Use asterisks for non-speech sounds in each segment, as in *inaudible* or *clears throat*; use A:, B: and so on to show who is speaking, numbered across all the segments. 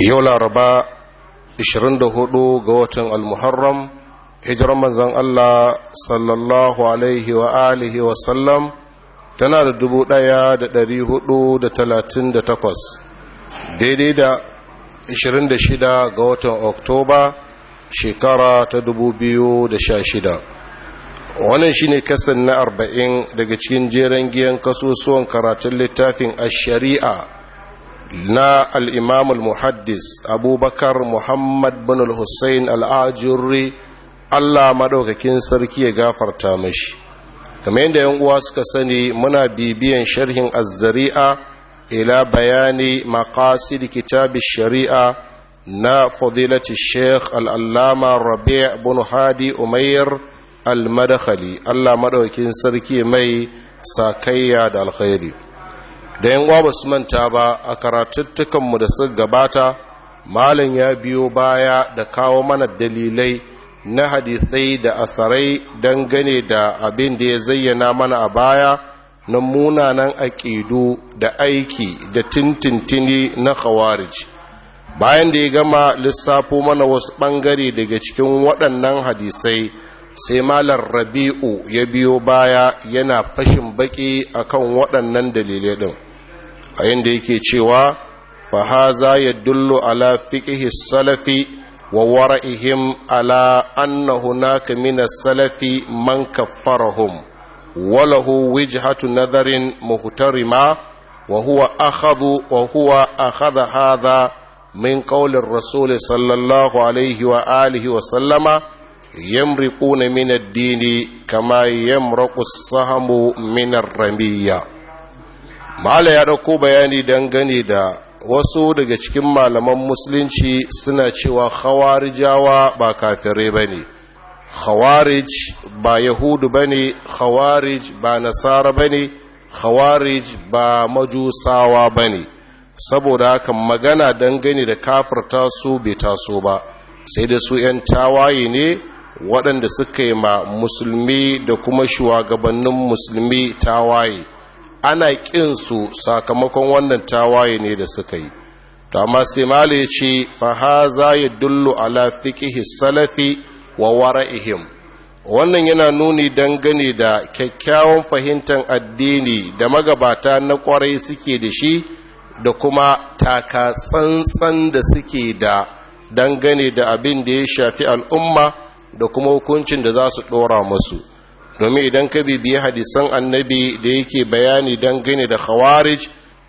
A: yau laraba 24 ga watan al-muharram hijiran manzan Allah sallallahu alaihi wa alihi wa sallam tana da dubu ɗaya da da ɗari talatin takwas, daidai da 26 ga watan oktoba shekara ta dubu biyu da sha shida. wannan shine kasan na arba'in daga cikin jeran giyan kasusuwan karatun littafin ash-shari'a na al'imam al-muhaddis abubakar muhammad bin al-hussein al'ajirri allah maɗaukakin sarki ya gafarta mashi kamar yadda yan uwa suka sani muna bibiyan sharhin azzari'a ila bayani maqasid kitabi shari'a na fadilati sheikh al'allama rabi' bin hadi umair al-madakhali allah maɗaukakin sarki mai sakayya da alkhairi da yan uwa su manta ba a karatuttukanmu da su gabata malam ya biyo baya da kawo mana dalilai na hadisai da asarai don gane da abin da ya zayyana mana a baya na munanan aƙidu da aiki da tintintini na khawarij bayan da ya gama lissafo mana wasu bangare daga cikin waɗannan hadisai sai malar rabi'u ya biyo baya yana fashin baƙi akan waɗannan dalilai ɗin a yadda yake cewa fahaza ya dullo ala fiƙihi salafi wa wara'ihim ala anna hunaka mina salafi man kaffarahum walahu wijhatu nadarin muhtarima wa huwa akhadhu wa huwa akhadha hadha min qawli rasul sallallahu alaihi wa alihi wa sallama yamriquna min ad-dini kama yamraqu as-sahmu min ar-ramiyya mala ya dauko bayani dangane da wasu daga cikin malaman musulunci suna cewa khawarijawa ba kafirai ba ne khawarij ba yahudu ba ne khawarij ba nasara ba ne khawarij ba majusawa ba ne saboda haka magana dangane da kafirta su bai taso ba sai da su 'yan tawaye ne waɗanda suka yi ma musulmi da kuma shugabannin musulmi tawaye ana su sakamakon wannan tawaye ne da suka yi to amma sai fa ce fahaza ya dullu ala fiƙihi salafi wa wara'ihim wannan yana nuni dangane da kyakkyawan fahimtar addini da magabata na ƙwarai suke da shi da kuma taka tsantsan da suke da dangane da abin da ya shafi al'umma da kuma hukuncin da za su ɗora musu. domin idan ka bibiye hadisan annabi da yake bayani dangane da khawarij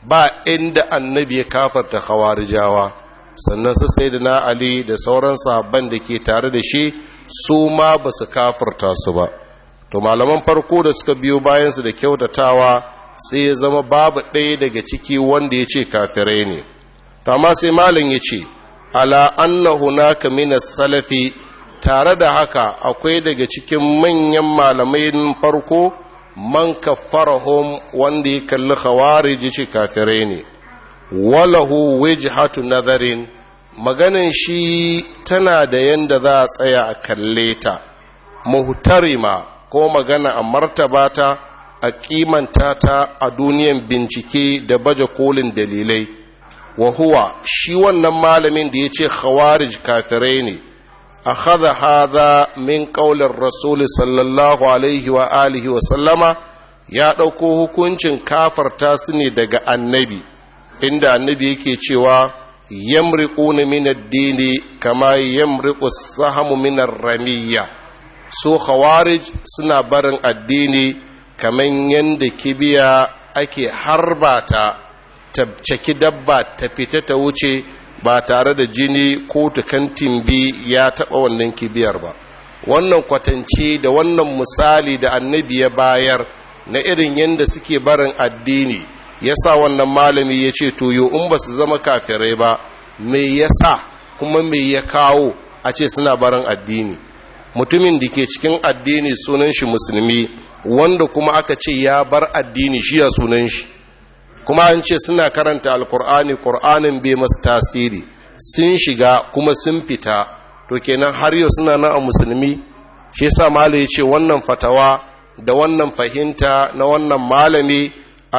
A: ba inda annabi ya kafarta khawarijawa sannan su sai da na da sauran sahabban da ke tare da shi su ma ba su kafarta su ba to malaman farko da suka biyo bayansu da kyautatawa sai ya zama babu ɗaya daga ciki wanda ya ce kafirai ne ta sai malam ya ce ala anna hunaka mina salafi tare da haka akwai daga cikin manyan malamai farko man kaffarahum wanda ya kalli khawarij shi kafire ne walahu wajhatu nazarin maganan shi tana da yanda za a tsaya a kalle ta muhtarima ko magana a martaba ta a kimanta ta a duniyan bincike da baje kolin dalilai wa huwa shi wannan malamin da ya ce khawarij kafirai ne أخذ هذا من قول الرسول صلى الله ya ɗauko hukuncin kafarta su ne daga annabi inda annabi yake cewa yamriquna min ad kama yamriqu as-sahmu min ar-ramiyya su khawarij suna barin addini kaman yanda biya ake harbata tabcaki dabba ta fita ta wuce ba tare da jini ko tukan bi ya taɓa wannan kibiyar ba wannan kwatance da wannan misali da annabi ya bayar na irin yadda suke barin addini ya sa wannan malami ya ce to yo in ba su zama kafirai ba me ya sa kuma me ya kawo a ce suna barin addini mutumin da ke cikin addini sunan shi musulmi wanda kuma aka ce ya bar addini shi ya sunan shi kuma an ce suna karanta alkur'ani kur'anin bai masu tasiri sun shiga kuma sun fita to kenan har yau suna nan a musulmi shi sa ya ce wannan fatawa da wannan fahimta na wannan malami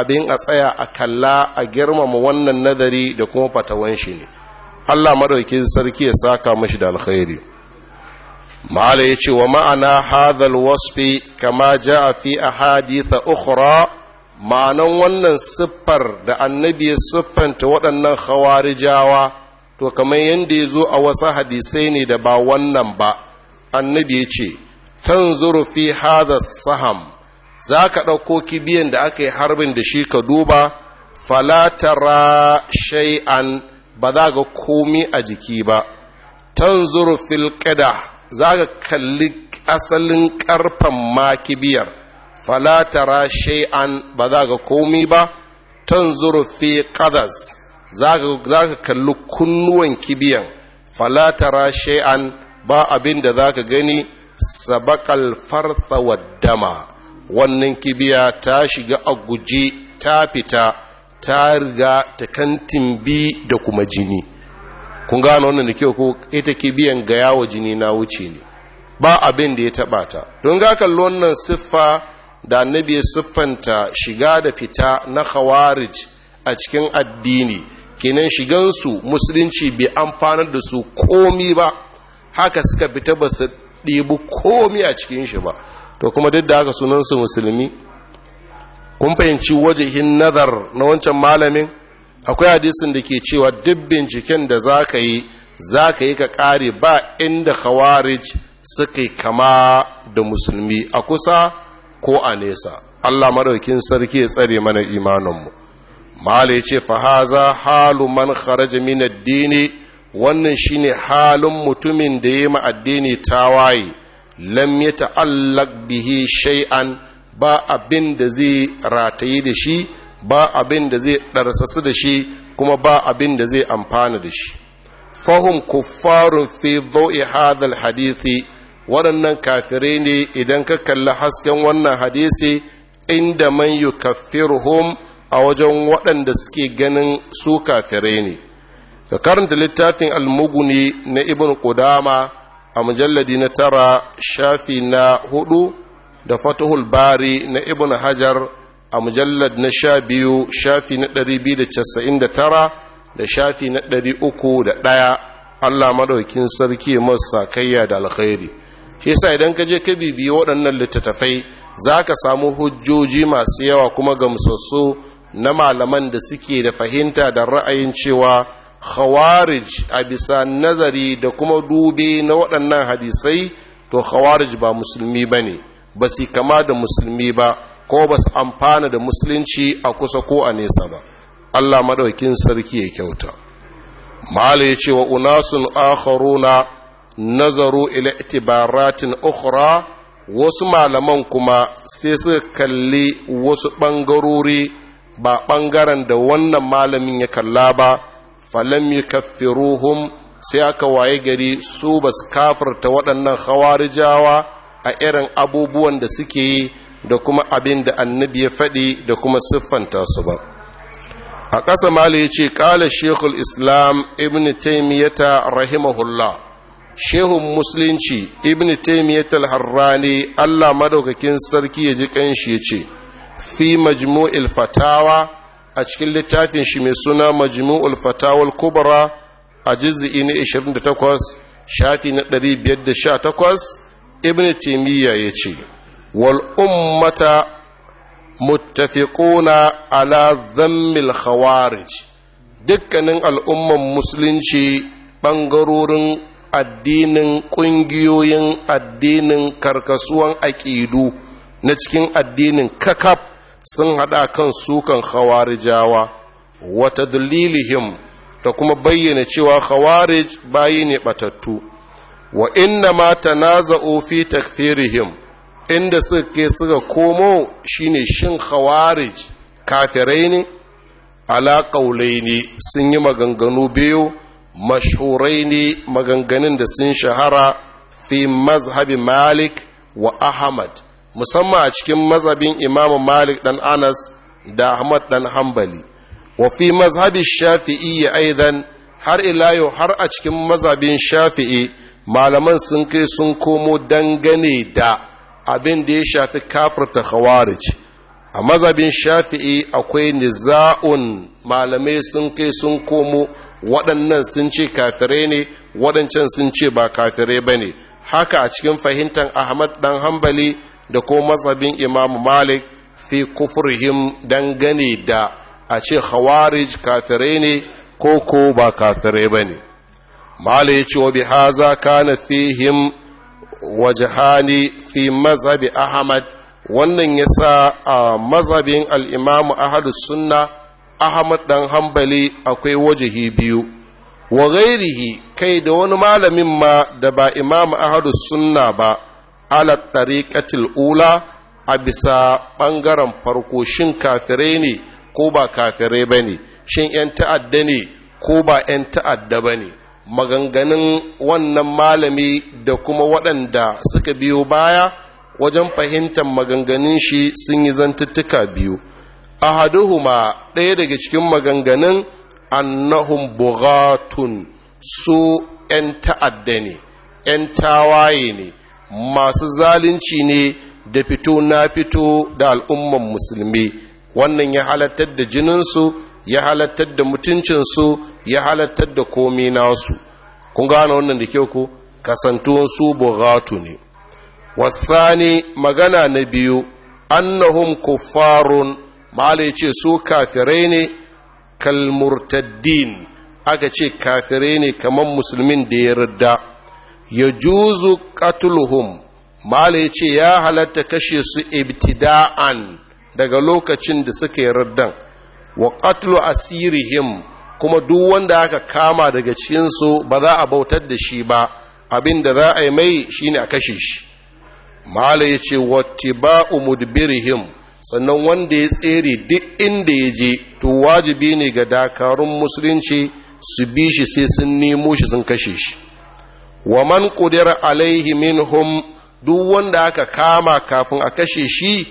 A: abin a tsaya a kalla a girmama wannan nadari da kuma fatawan shi ne Allah madaukin sarki ya saka mashi da alkhairi mala ya ce wa ma'ana hadhal wasfi kama ja'a fi ahadith ukhra ma'anan wannan siffar da annabi ya siffanta waɗannan hawarijawa to kamar yadda ya zo a wasu hadisai ne da ba wannan ba annabi ya ce tanzuru fi hada saham za ka ɗauko kibiyan da aka yi harbin da shi ka duba falatara shay'an ba za ga komi a jiki ba tanzuru fil za ka kalli asalin ƙarfen ma kibiyar falatara shay'an ba za ga komi ba tanzuru fi qadas za ka kalli kunnuwan kibiyan falatara shay'an ba abin da za ka gani sabakal wa dama wannan kibiya ta shiga a guje ta fita ta riga ta kantin bi da kuma jini kun gano wannan da kyau ko ita kibiyan ga yawo jini na wuce ne ba abin da ya taba ta don ga kalli wannan siffa da annabi ya siffanta shiga da fita na khawarij a cikin addini kenan shigansu musulunci bai amfanar da su komi ba haka suka fita ba su ɗibi komi a cikin shi ba to kuma duk da haka sunansu musulmi kun fahimci wajihin nazar na wancan malamin akwai hadisin da ke cewa duk binciken da za ka yi za ka yi ka kare, ba inda khawarij suka kama da musulmi a kusa ko a nesa Allah madaukin sarki ya tsare mana imaninmu mala ya ce fahaza halu man kharaja min addini wannan shine halin mutumin da ya ma addini ta lam ya ta'allaq bihi shay'an ba abin da zai ratayi da shi ba abin da zai darsasu da shi kuma ba abin da zai amfana da shi fahum kuffarun fi dhaw'i hadal hadithi waɗannan kafirai ne idan ka kalli hasken wannan hadisi inda man kafirhum a wajen waɗanda suke ganin su kafirai ne ka karanta littafin almuguni na ibn Kudama, a mujalladi na tara shafi na hudu da fatuhul bari na ibn hajar a mujallad na sha biyu shafi na ɗari biyu da casa'in da tara da shafi na ɗari uku da ɗaya allah maɗaukin sarki masu sakayya da alkhairi shi yasa idan ka je ka bibiyi waɗannan littattafai za ka samu hujjoji masu yawa kuma gamsassu na malaman da suke da fahimta da ra'ayin cewa khawarij a bisa nazari da kuma dube na waɗannan hadisai to khawarij ba musulmi ba ne ba su kama da musulmi ba ko ba su amfana da musulunci a kusa ko a nesa ba allah maɗaukin sarki ya kyauta mala ya ce wa unasun akharuna nazaru ila itibaratin ukhra wasu malaman kuma sai suka kalli wasu ɓangarori ba ɓangaren da wannan malamin ya kalla ba falam yukaffiruhum sai aka waye gari su basu kafirta waɗannan hawarijawa a irin abubuwan da suke yi da kuma abin da annabi ya faɗi da kuma siffanta su ba a ƙasa mala ya ce ƙala shekul islam ibn taimiyata rahimahullah shehun musulunci ibn taimiyyar al-harrani allah madaukakin sarki ya ji kanshi ya ce fi majmu'il fatawa a cikin littafin shi mai suna majmu'ul fatawa kubra a jizzi na 28 shafi na 518 ibn taimiyya ya ce wal ummata muttafiquna ala zammil khawarij dukkanin al'umman musulunci ɓangarorin addinin ƙungiyoyin addinin karkasuwan aƙidu na cikin addinin kakaf sun haɗa kan sukan khawarijawa wata dalilihim da kuma bayyana cewa khawarij bayi ne batattu wa inna ma tanaza'u fi takfirihim inda suke suka komo shine shin khawarij kafirai ne ala ne sun yi maganganu biyu mashhurai ne maganganun da sun shahara fi mazhabi malik wa ahmad musamman a cikin mazhabin imamu malik dan anas da ahmad dan hambali wa fi mazhabi shafi'i aidan har ila yau har a cikin mazhabin shafi'i malaman sun kai sun komo dangane da abin da ya shafi kafirta khawarij a mazabin shafi'i akwai niza'un malamai sun kai sun komo waɗannan sun ce kafirai ne waɗancan sun ce ba kafirai ba ne haka a cikin fahimtar ahmad ɗan hambali da ko mazabin imamu malik fi kufurhim dangane da a ce khawarij kafirai ne ko ko ba kafirai ba ne malik ya ce wa na fi kana fihim wajahani fi mazhabi ahmad wannan ya sa a mazhabin al'imamu ahadus sunna ahmad ɗan hambali akwai wajihi biyu wa gairihi kai da wani malamin ma da ba imamu ahadus sunna ba ala tariqatil ula a bisa ɓangaren farko shin kafire ne ko ba kafire ba ne shin 'yan ta'adda ne ko ba 'yan ta'adda ba ne maganganun wannan malami da kuma waɗanda suka biyo baya wajen fahimtar maganganun shi sun yi zantuttuka biyu ahaduhuma ɗaya daga cikin maganganun annahum bugatun su 'yan ta'adda ne 'yan tawaye ne masu zalunci ne da fito na fito da al'umman musulmi wannan ya halattar da jininsu ya halattar da mutuncinsu ya halattar da komi nasu kun gane wannan da kyau ku kasantuwan su bugatu ne wasani magana na biyu annahum kuffarun mala ya ce su kafirai ne kalmurtaddin aka ce kafirai ne kamar musulmin da ya rida ya juzu katuluhum ya ce ya halatta kashe su ibtida'an daga lokacin da suka yi raddan wa katulu asirihim kuma duk wanda aka kama daga cikinsu ba za a bautar da shi ba abin da za a yi mai shine a kashe shi mahala ya ce ba mudbirihim sannan wanda ya tsere duk inda ya je to wajibi ne ga dakarun musulunci su bi shi sai sun nemo shi sun kashe shi wa man qudira alaihi minhum duk wanda aka kama kafin a kashe shi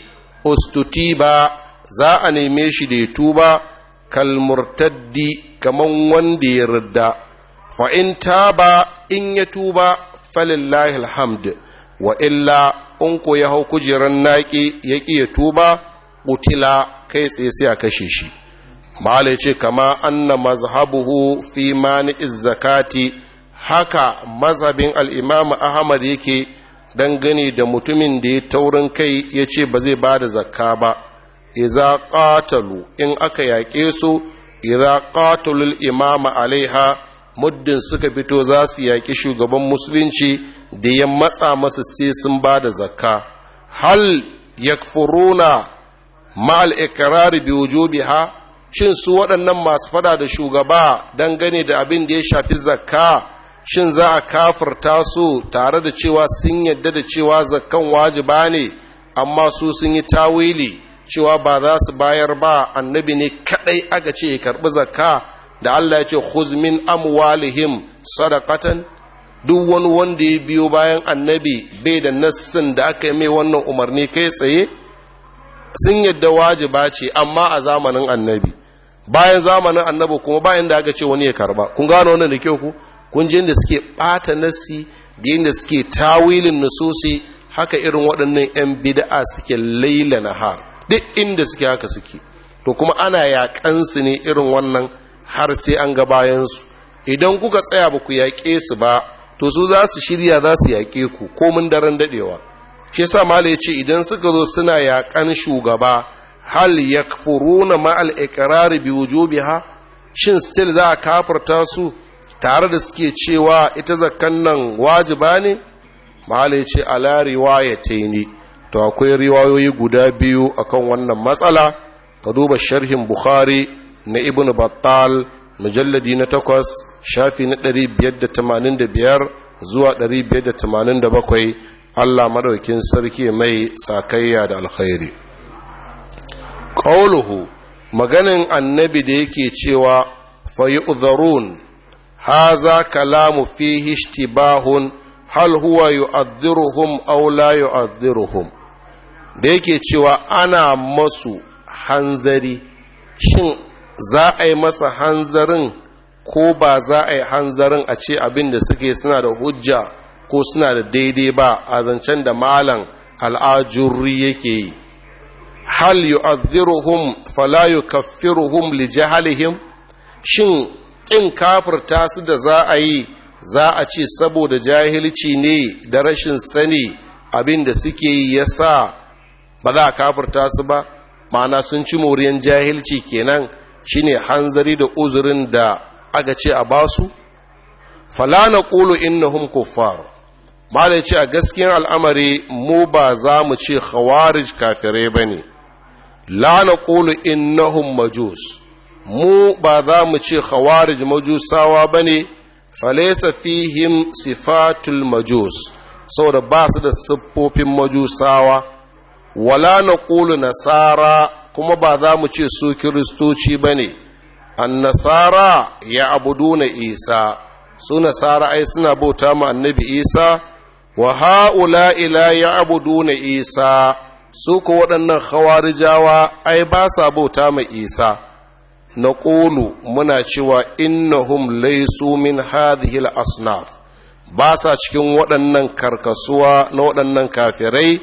A: ba za a neme shi da ya tuba kalmurtaddi kamar wanda ya rida fa ba in ya tuba falillahi alhamdulillah wa illa in ko ya hau kujerar naƙi ya ƙi ya tuba ƙutila kai tsaye sai a kashe shi malai ce kama anna mazhabuhu fi mani zakati haka mazhabin al'imamu ahmad yake dangane da mutumin da ya taurin kai ya ce ba zai ba da zakka ba iza qatalu in aka yaƙe su iza ƙatalul imama alaiha muddin suka fito za su yaƙi shugaban musulunci da ya matsa masa sai sun ba da zakka hal ya furuna ma'al ikrari bi ha? shin su waɗannan masu fada da shugaba dangane da abin da ya shafi zakka shin za a kafirta su tare da cewa sun yadda da cewa zakkan wajiba ne amma su sun yi tawili cewa ba za su bayar ba annabi ne kaɗai aka ce ya karɓi zakka da Allah ya ce khuz min amwalihim sadaqatan duk wani wanda ya biyo bayan annabi bai da nassin da aka yi mai wannan umarni kai tsaye sun yadda wajiba ce amma a zamanin annabi bayan zamanin annabi kuma bayan da aka ce wani ya karba kun gano wannan da kyau ku kun ji inda suke bata nassi da inda suke tawilin nususi haka irin waɗannan 'yan bida'a suke laila nahar duk inda suke haka suke to kuma ana yaƙansu ne irin wannan har sai an ga bayansu idan kuka tsaya ba ku yaƙe su ba to su za su shirya za su yaƙe ku komin daren daɗewa shi sa mala ce idan suka zo suna yaƙan shugaba hal ya furuna ma'al biyu bi ha shin stil za a kafarta su tare da suke cewa ita zakan nan wajiba ne mala ya ce ala riwayata ne to akwai riwayoyi guda biyu akan wannan matsala ka duba sharhin bukhari na ibn battal mujalladi na takwas shafi na biyar da da tamanin biyar zuwa biyar da da tamanin bakwai Allah maɗaukin sarki mai sakayya da alkhairi ƙauluhu maganin annabi da yake cewa fayu'zarun haza kalamu fihi ishtibahun hal huwa yu'adhdhiruhum aw la yu'adhdhiruhum da yake cewa ana masu hanzari shin za a yi masa hanzarin ko ba za a yi hanzarin a ce abin da suke suna da hujja ko suna da daidai ba a zancen da malan al'ajurri yake yi hal yu'adhiruhum fala yukaffiruhum li jahalihim shin kin kafirta su da za a yi za a ce saboda jahilci ne da rashin sani abin da suke yi yasa ba za a kafirta su ba ma'ana sun ci moriyan jahilci kenan shine hanzari da uzurin da aka ce a basu fala na ƙulu innahum kuffar mala ya ce a gaskiyar al'amari mu ba za mu ce khawarij kafirai ba ne la na innahum majus mu ba za mu ce khawarij majusawa ba ne fihim sifatul majus saboda ba su da siffofin majusawa wala na ƙulu nasara kuma ba za mu ce su kiristoci ba ne An nasara ya na isa su nasara ai suna bauta ma annabi isa wa ha'ula ila ya na isa su ko waɗannan hawarijawa ai ba sa bauta ma isa na ƙolu muna cewa innahum laisu min hadhihi asnaf ba sa cikin waɗannan karkasuwa na waɗannan kafirai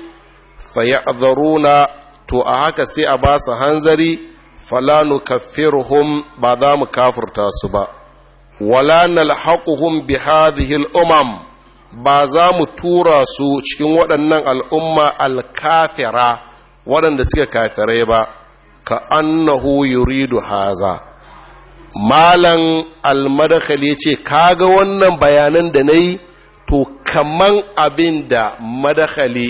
A: Fa faya'dharuna to a haka sai a ba su hanzari falanu kafirhum ba za mu kafurta su ba wala nalhaquhum bi hadhihi umam ba za mu tura su cikin waɗannan al'umma alkafira waɗanda suke kafirai ba ka annahu yuridu haza malan almadakali ce kaga wannan bayanan da na yi to kaman abin da madakali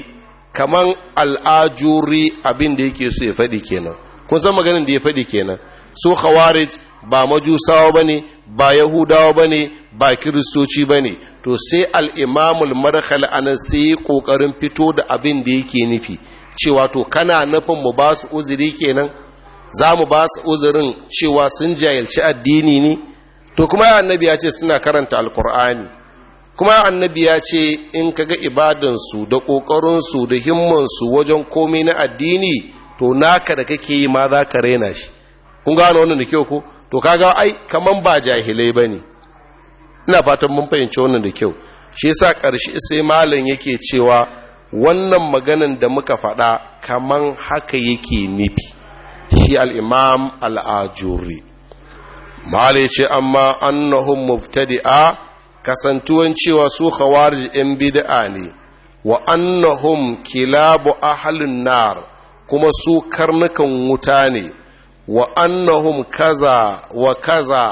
A: kaman al'ajuri abin da yake so ya faɗi kenan kun san maganin da ya faɗi kenan su khawarij ba majusawa bane ba yahudawa bane ba kiristoci bane to sai al'imamul marhal anan sai ya kokarin fito da abin da yake nufi cewa to kana nufin mu ba su uzuri kenan za mu ba su uzurin cewa sun jayalci addini ne to kuma annabi ya ce suna karanta alkur'ani kuma annabi ya ce in ka kaga ibadansu da ƙoƙarinsu da himmansu wajen komai na addini to naka da kake yi ma za ka raina shi kun gano wannan da kyau ko to kaga ai kaman ba jahilai ba ne ina fatan mun fahimci wannan da kyau shi yasa ƙarshe sai malam yake cewa wannan maganan da muka faɗa kaman haka yake nufi shi al-imam al-ajuri ce amma annahun mubtadi'a kasantuwan cewa su khawarij yan bid'a ne wa annahum kilabu ahlun nar kuma su karnukan wuta ne wa annahum kaza wa kaza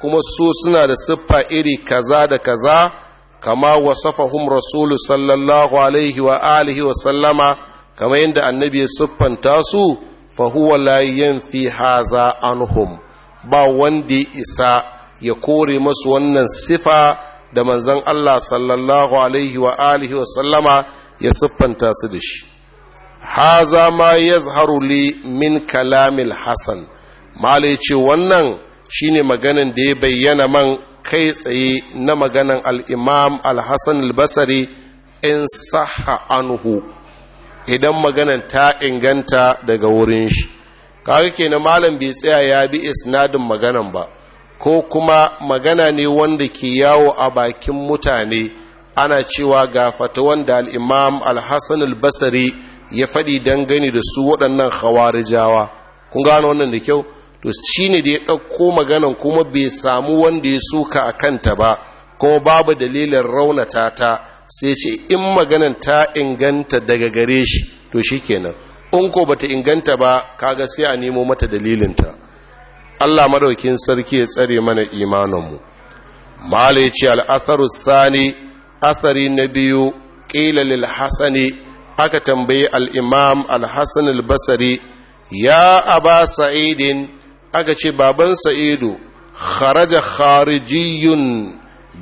A: kuma su suna da siffa iri kaza da kaza kama wasafahum rasulu sallallahu alaihi wa alihi wa sallama kama yadda annabi ya siffanta su fa huwa la yanfi haza anhum ba wanda isa ya kore masu wannan sifa da manzan Allah sallallahu alaihi wa alihi wa sallama ya siffanta su da shi haza ma yazharu li min kalamil hasan malai ce wannan shine maganin da ya bayyana man kai tsaye na maganan al-imam al hassan al al-basari in saha anhu idan maganan ta inganta daga wurin shi ke na malam bai tsaya ya bi isnadin maganan ba ko kuma magana ne wanda ke yawo a bakin mutane ana cewa ga fatawan da al'imam al-hassan al-basari ya faɗi dangane da su waɗannan jawa kun gano wannan da kyau to shi ne da ya ɗauko maganan kuma bai samu wanda ya suka a kanta ba kuma babu dalilin raunata ta sai ce in maganan ta inganta daga gare shi to shi kenan in ko bata inganta ba kaga sai a nemo mata dalilinta Allah madaukin sarki ya tsare mana imaninmu malai ce al'atharu sani athari na biyu ƙila lil aka tambayi al'imam al-hassan al-basari ya aba sa'idin aka ce baban sa'idu kharaja kharijiyun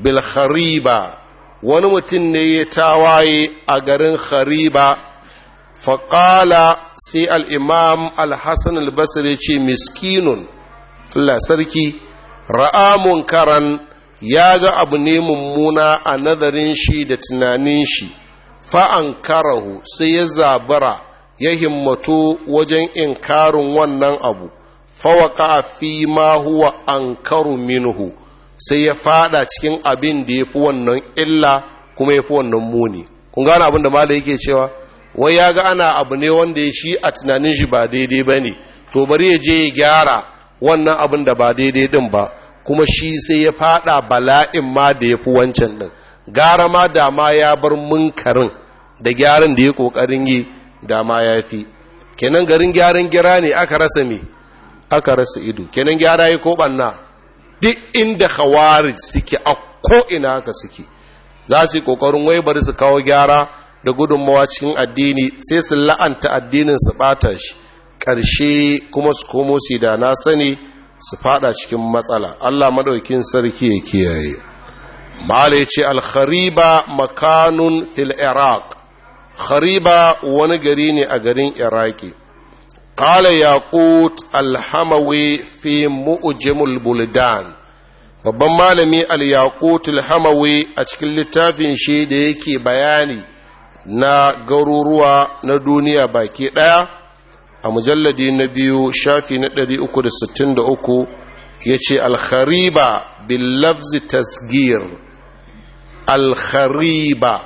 A: Bilkhariba, wani mutum ne ya tawaye a garin khariba faƙala sai al'imam al-hassan al-basari ce miskinun Allah sarki ra'a munkaran ya ga abu ne mummuna a nazarin shi da tunanin shi fa'an karahu sai ya zabara ya himmatu wajen inkarin wannan abu fawaka fi ma huwa an karu minhu sai ya fada cikin abin da ya fi wannan illa kuma ya fi wannan muni kun gane abin da mala yake cewa wai ya ga ana abu ne wanda ya shi a tunanin shi ba daidai ba ne to bari ya je ya gyara wannan abin da ba daidai din ba kuma shi sai ya fada bala'in ma da ya fi wancan din gara ma dama ya bar munkarin da gyaran da ya kokarin yi da ya fi kenan garin gyaran gira ne aka rasa me aka rasa ido kenan gyara ya ko banna duk inda khawarij suke a ko ina aka suke za su yi kokarin wai bari su kawo gyara da gudunmawa cikin addini sai su la'anta addinin su bata shi ƙarshe kuma su komo su da na sani su fada cikin matsala Allah madaukin sarki ya kiyaye malai ce alkhariba makanun fil iraq khariba wani gari ne a garin iraki qala yaqut alhamawi fi mu'jamul buldan babban malami al-yaqut a cikin littafin shi da yake bayani na garuruwa na duniya baki daya a mujalladi na biyu shafi na 363 ya ce alkhariba billafzi tasgir alkhariba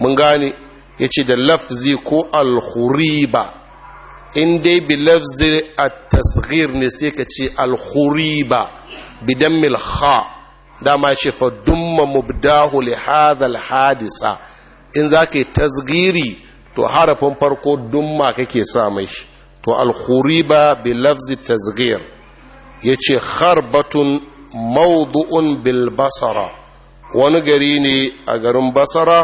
A: mun gane ya ce da lafzi ko alkhuriba in dai billafzi a tasgir ne sai ka ce alkhuriba bidan milha dama ce fa dumma mubdahu li hadal hadisa in za ka yi tasgiri to harafin farko dumma kake sa mai shi to al-Khuriba al-khuriba bi lafzi tasghir yace kharbatun mawdu'un bil basara wani gari ne a garin basara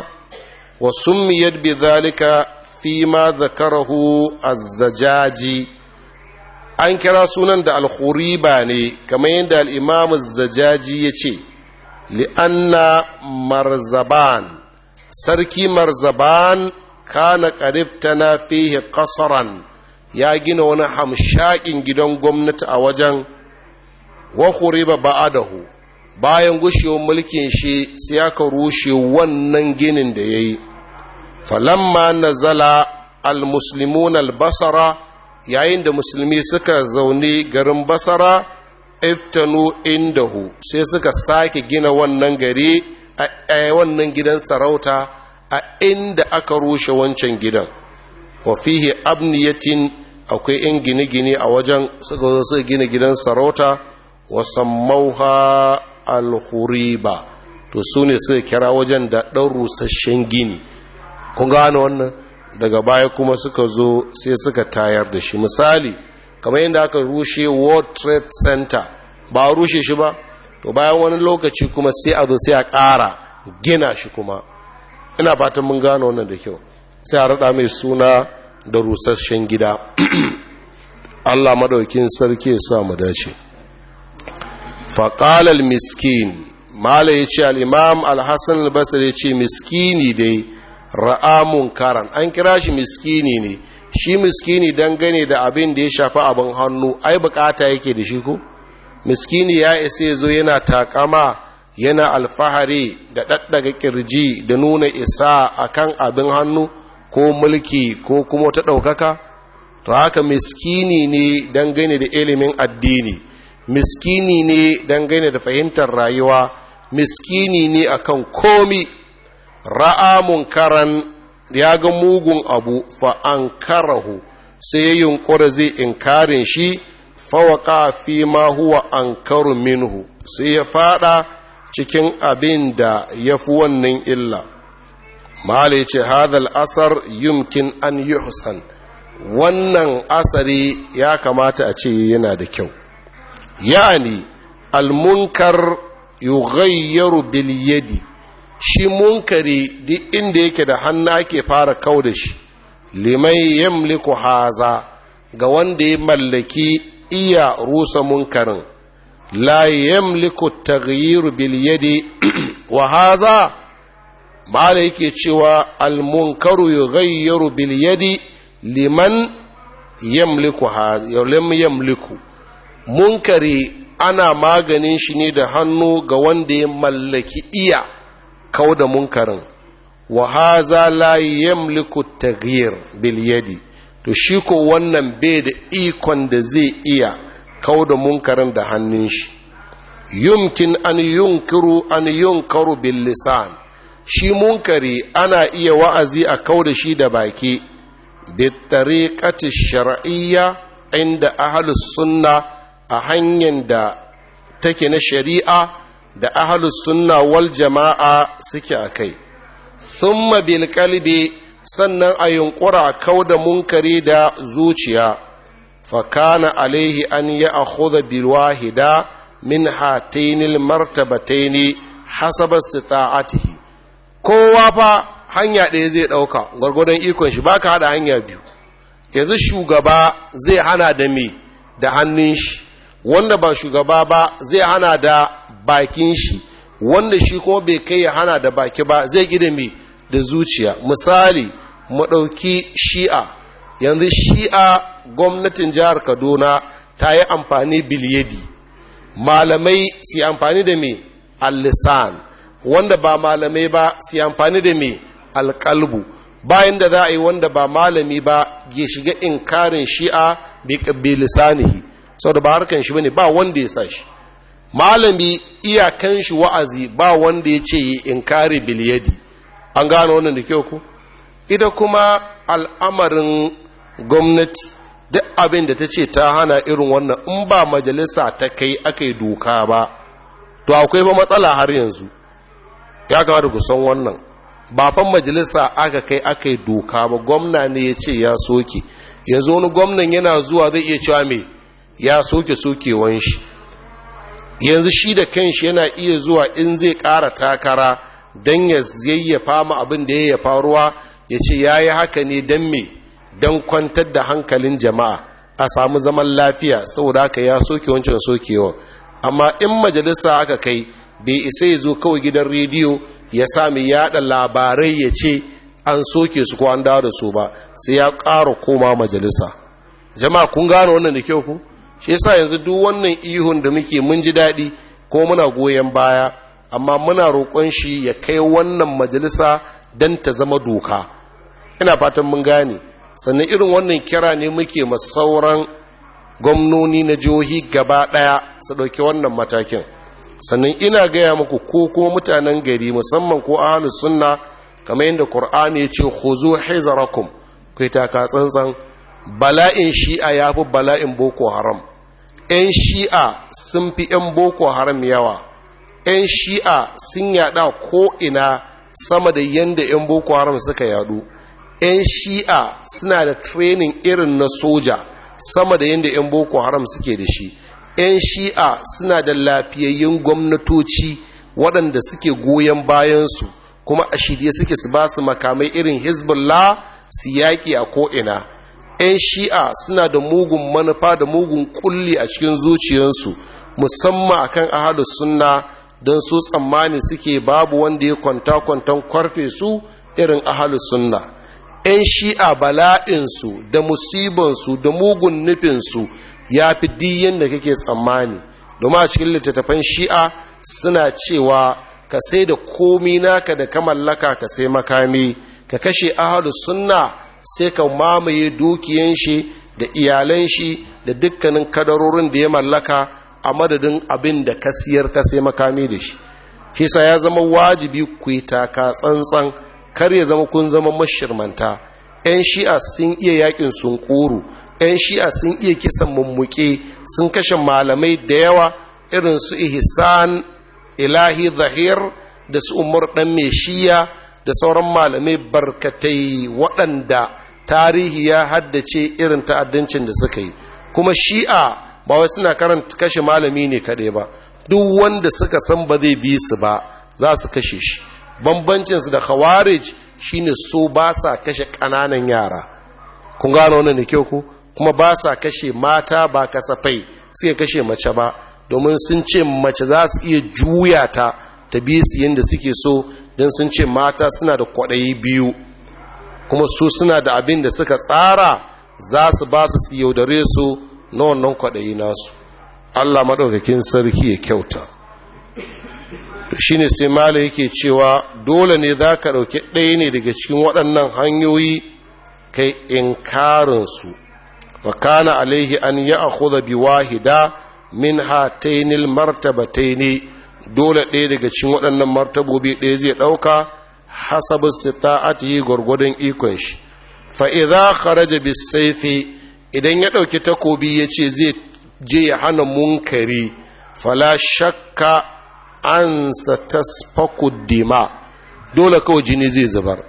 A: wa summiyat bi dhalika fi ma zakarahu az-zajaji an kira sunan da Al-Khuriba ne kamar yadda al-imam az-zajaji yace li'anna marzaban sarki marzaban kana qariftana fihi ƙasaran ya gina wani hamshakin gidan gwamnati a wajen wa khuriba ba'adahu bayan gushewar mulkin shi sai aka rushe wannan ginin da yayi falamma nazala almuslimun albasara yayin da musulmi suka zaune garin basara iftanu indahu sai suka sake gina wannan gari a eh, wannan gidan sarauta a inda aka rushe wancan gidan wa fihi abniyatin akwai yan gine-gine a wajen suka zo suka gina gidan sarauta wa sammauha alhuriba to su ne suka kira wajen da ɗan rusasshen gini kun gano wannan daga baya kuma suka zo sai suka tayar da shi misali kamar yadda aka rushe world trade center ba rushe shi ba to bayan wani lokaci kuma sai a zo sai a ƙara gina shi kuma ina fatan mun gano wannan da kyau sai a rada mai suna da rusasshen gida *clears throat* Allah madaukin sarki ya sa mu dace faqala al-miskin mala yace al-imam al-hasan al-basri yace miskini dai ra'a munkaran an kira shi miskini ne shi miskini dangane da abin da ya shafi abin hannu ai bukata yake da shi ko miskini ya isa zo yana takama yana alfahari da ɗaɗɗaga ƙirji da nuna isa akan abin hannu ko mulki ko kuma ta ɗaukaka to haka miskini ne dangane da ilimin addini miskini ne dangane da fahimtar rayuwa miskini ne akan komi ra'a munkaran ya ga mugun abu fa'ankarahu sai ya yunkura zai inkarin shi fawaka fi ma huwa an ankaru minhu sai ya fada cikin abin da ya fi wannan illa mahala ce hadal asar yumkin an yi husan. wannan asari ya kamata a ce yana da kyau yani almunkar yughayyaru bil yadi shi munkari duk inda yake da hannu ake fara kau da shi limai yamliku haza ga wanda ya mallaki iya rusa munkarin la yamliku taghyiru bil yadi wa haza mala yake cewa al munkaru yughayyaru bil yadi liman yamliku munkari ana maganin shi ne da hannu ga wanda ya mallaki iya kauda munkarin Wahaza haza la yamliku taghyir bil to shi ko wannan bai da ikon da zai iya kau da munkarin da hannun shi yumkin an yunkiru an yunkaru bil lisan shi munkari ana iya wa'azi a kau da shi da baki tariqati shar'iyya inda ahlus sunna a hanyar da take na shari'a da ahlus sunna wal jama'a suke a kai thumma bil sannan a yunƙura kau da munkari da zuciya fakana alaihi an yi a huda bilwahida min hatainil martabataini hasaba stita'atihi kowa fa hanya ɗaya zai ɗauka gwargwadon ikon shi baka haɗa hanya biyu yanzu shugaba zai hana da me da hannun shi wanda ba shugaba ba zai hana da bakin shi wanda shi ko bai kai ya hana da baki ba zai gida me da zuciya misali mu ɗauki shi'a yanzu shi'a gwamnatin jihar kaduna ta yi amfani biliyadi malamai su amfani da mai alisan wanda ba malamai ba su amfani da mai alkalbu bayan da za a yi wanda ba malami ba ya shiga inkarin shi'a bi lisanihi da ba harkan shi bane ba wanda ya sa shi malami iyakan shi wa'azi ba wanda ya ce yi inkari biliyadi an gano wannan da kyau ku ita kuma al'amarin gwamnati duk abin da ta ce ta hana irin wannan in ba majalisa ta kai aka yi doka ba to akwai ba matsala har yanzu ya kamata ku san wannan ba fan majalisa aka kai aka yi doka ba gwamna ne ya ce ya soke yanzu wani gwamnan yana zuwa zai iya cewa mai ya soke sokewan shi yanzu shi da kanshi yana iya zuwa in zai kara takara don ya yayyafa ma abin da ya yayyafa ruwa ya ce ya yi haka ne don mai. don kwantar da hankalin jama'a a samu zaman lafiya saboda haka ya soke wancan sokewa amma in majalisa aka kai bai isa ya zo kawai gidan rediyo ya sami yada labarai ya ce an soke su ko an dawo da su ba sai ya ƙara koma majalisa jama'a kun gane wannan da kyau ku shi yasa yanzu duk wannan ihun da muke mun ji daɗi ko muna goyon baya amma muna roƙon shi ya kai wannan majalisa don ta zama doka ina fatan mun gane sannan irin wannan kira ne muke masauran gwamnoni na jihohi gaba ɗaya su ɗauki wannan matakin sannan ina gaya muku ko ko mutanen gari musamman ko ahlus sunna kamar yadda qur'ani ya ce khuzu hizarakum kai taka tsantsan bala'in shi'a yafi bala'in boko haram 'yan shi'a sun fi 'yan boko haram yawa 'yan shi'a sun yada ko'ina sama da yadda 'yan boko haram suka yadu 'yan shi'a suna da training irin na soja sama da yadda 'yan boko haram suke da shi 'yan shi'a suna da lafiyayyun gwamnatoci waɗanda suke goyon bayansu kuma a shirye suke su ba su makamai irin hezbollah su yaƙi a ko'ina 'yan shi'a suna da mugun manufa da mugun kulli a cikin zuciyarsu musamman akan ahalus sunna don su tsammani suke babu wanda ya kwanta kwantan kwarfe su irin ahalus sunna 'yan shi'a bala'insu da musibansu da mugun nufinsu ya fi diyin da kake tsammani domin a cikin littattafan shi'a suna cewa ka sai da komi naka da ka mallaka ka sai makami ka kashe ahalu sunna sai ka mamaye dukiyan shi da iyalan shi da dukkanin kadarorin da ya mallaka a madadin abin da ka siyar ka sai makami da shi shi ya zama wajibi ku yi tsantsan kar ya zama kun zama mashirmanta 'yan shi'a sun iya yakin sun ƙoro 'yan shi'a sun iya kisan mummuke sun kashe malamai da yawa irin su ihsan ilahi zahir da su umar dan mai shiya da sauran malamai barkatai waɗanda tarihi ya haddace irin ta'addancin da suka yi kuma shi'a ba wai suna karanta kashe malami ne kaɗai ba duk wanda suka san ba zai bi su ba za su kashe shi bambancinsu da khawarij shine so ba sa kashe ƙananan yara kun gano wannan da kyau ku kuma ba sa kashe mata ba kasafai suke kashe mace ba domin sun ce mace za su iya juya ta ta bi su yadda suke so don sun ce mata suna da kwaɗayi biyu kuma su suna da abin da suka tsara za su ba su su yaudare su na wannan kwaɗayi nasu allah maɗaukakin sarki ya kyauta to ne sai mala yake cewa dole ne za ka ɗauki ɗaya ne daga cikin waɗannan hanyoyi kai inkarinsu wa kana alaihi an ya a bi wahida min hatainil ne. dole ɗaya daga cikin waɗannan martabobi ɗaya zai ɗauka hasabin ta yi gwargwadon ikon shi fa idza kharaja bis saifi idan ya ɗauki takobi ya ce zai je ya hana munkari fala shakka an sa dima dole kawai jini zai zubar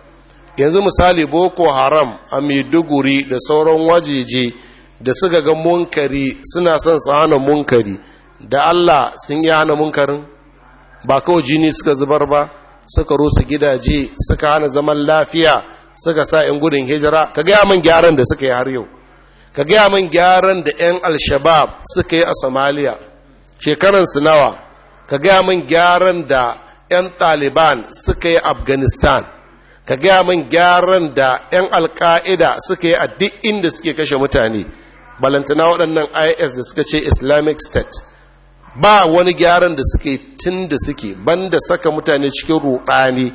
A: yanzu misali boko haram a maiduguri da sauran wajeje da suka ga munkari suna son su hana munkari da allah sun yi hana munkarin ba kawai jini suka zubar ba suka rusa gidaje suka hana zaman lafiya suka sa 'yan gudun hijira ka gaya min gyaran da suka yi har yau ka gaya min gyaran da 'yan al suka yi a somalia shekaransu nawa ka gaya min gyaran da 'yan taliban suka yi afghanistan ka gaya min gyaran da 'yan alka'ida suka yi a duk inda suke kashe mutane balantana waɗannan is da suka ce islamic state ba wani gyaran da suke tun da suke banda saka mutane cikin ruɗani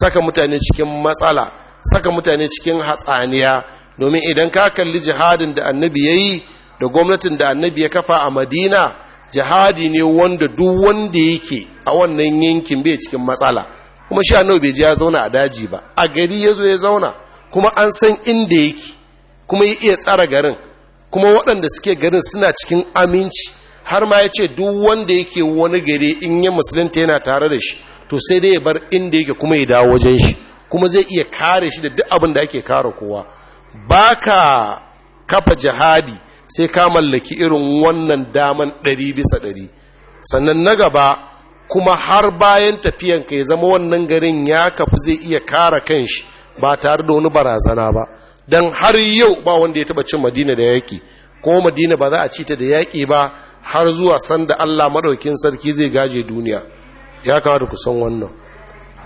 A: saka mutane cikin matsala saka mutane cikin hatsaniya domin idan ka kalli jihadin da annabi ya yi da gwamnatin da annabi ya kafa a madina jihadi ne wanda duk wanda yake a wannan yankin bai cikin matsala kuma sha annabi bai je ya zauna a daji ba a gari ya zo ya zauna kuma an san inda yake kuma ya iya tsara garin kuma waɗanda suke garin suna cikin aminci har ma ya ce duk wanda yake wani gari in ya musulunta yana tare da shi to sai dai ya bar inda yake kuma ya dawo wajen shi kuma zai iya kare shi da duk abin da ake kare kowa ba ka kafa jihadi sai ka mallaki irin wannan daman ɗari bisa ɗari sannan na gaba kuma har bayan tafiyan ka ya zama wannan garin ya kafi zai iya kara kan shi ba tare da wani barazana ba don har yau ba wanda ya taba cin madina da yaƙi ko madina ba za a ci ta da yaƙi ba har zuwa sanda allah maɗaukin sarki zai gaje duniya ya kamata ku san wannan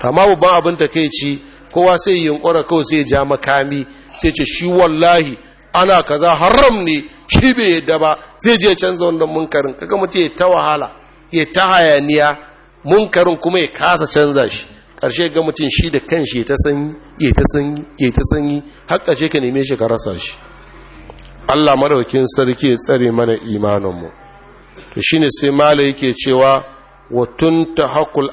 A: amma babban abin ta kai ci kowa sai yunkura kawai sai ya ja makami sai ce shi wallahi ana kaza haram ne shi bai yadda ba zai je canza wannan munkarin kaga mutum ya ta wahala ya ta hayaniya munkarin kuma ya kasa canza shi ƙarshe ga mutum shi da kanshi ya ta sanyi ya ta sanyi ya ta sanyi har ƙarshe ka neme shi ka rasa shi Allah maraukin sarki ya tsare mana imaninmu to shine sai mala yake cewa wa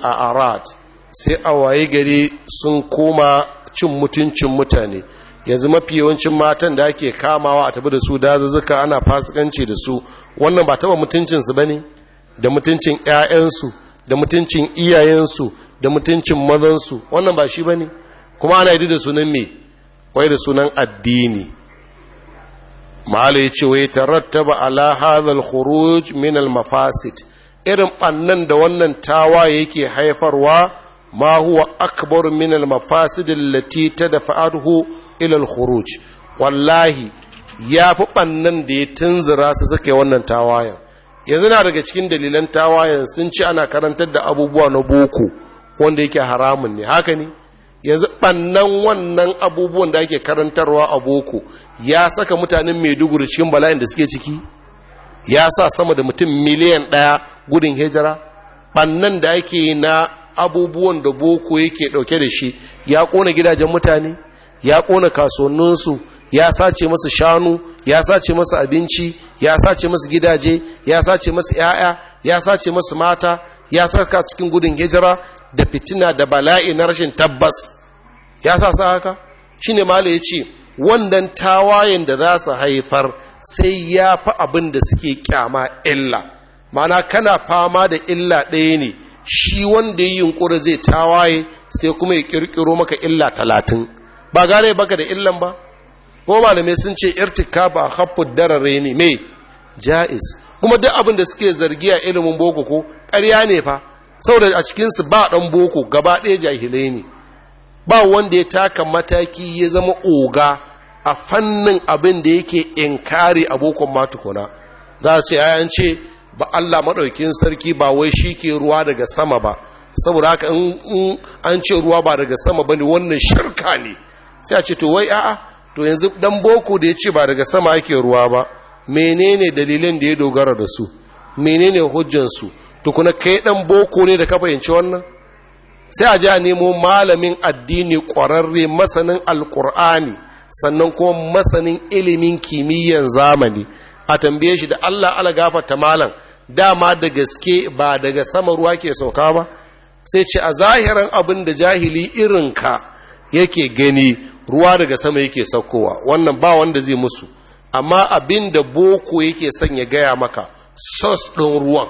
A: a arat sai awaye gari sun koma cin mutuncin mutane yanzu mafi yawancin matan da ake kamawa a tabi da su dazuzzuka ana fasikanci da su wannan ba taba mutuncinsu ba ne da mutuncin 'ya'yansu da mutuncin iyayensu da mutuncin mazansu wannan ba shi ba ne kuma ana yi da sunan me wai da sunan addini ma'ala ya ce wai tarattaba ala hadhal khuruj min al mafasid irin ɓannan da wannan tawa yake haifarwa ma huwa akbar min al mafasid allati tadfa'ahu ilal khuruj wallahi ya fi ɓannan da ya tunzura su suke wannan tawayen yanzu na daga cikin dalilan tawayen sun ci ana karantar da abubuwa na boko wanda yake haramun ne haka ne yanzu ɓannan wannan abubuwan da ake karantarwa a boko ya saka mutanen maiduguri cikin bala'in da suke ciki ya sa sama da mutum miliyan ɗaya gudun hijira ɓannan da ake na abubuwan da boko yake ɗauke da shi ya ƙona gidajen mutane ya ƙona kasuwanninsu ya sace masu shanu ya sace masu abinci ya sace masu gidaje ya sace masu 'ya'ya ya sace masu mata ya saka cikin gudun hijira da fitina da bala'i na rashin tabbas ya sa sa haka shine mala ya ce wannan tawayen da za su haifar sai ya fi abin da suke kyama illa mana kana fama da illa ɗaya ne shi wanda yi yunkuri zai tawaye sai kuma ya ƙirƙiro maka illa talatin ba gare baka da illan ba ko malamai sun ce irtika ba haffu darare ne mai ja'iz kuma duk abin da suke zargi a ilimin boko ko ƙarya ne fa saboda a cikinsu ba ɗan boko gaba ɗaya jahilai ne ba wanda ya taka mataki ya zama oga a fannin abin da yake inkari abokan matukuna za su yayan ce ba Allah maɗaukin sarki ba wai shi ke ruwa daga sama ba saboda haka in an ce ruwa ba daga sama ba ne wannan shirka ne sai a ce to wai a'a to yanzu dan boko da ya ce ba daga sama ake ruwa ba menene dalilin da ya dogara da su menene hujjansu kuna kai dan boko ne da ka fahimci wannan sai a ji a nemo malamin addini ƙwararre masanin alƙur'ani sannan kuma masanin ilimin kimiyyan zamani a tambaye shi da allah ala gafarta malam dama da gaske ba daga sama ruwa ke sauka ba sai ce a zahiran abin da jahili irinka yake gani ruwa daga sama yake saukowa wannan ba wanda zai musu amma abin da boko yake son ya gaya maka sos ɗin ruwan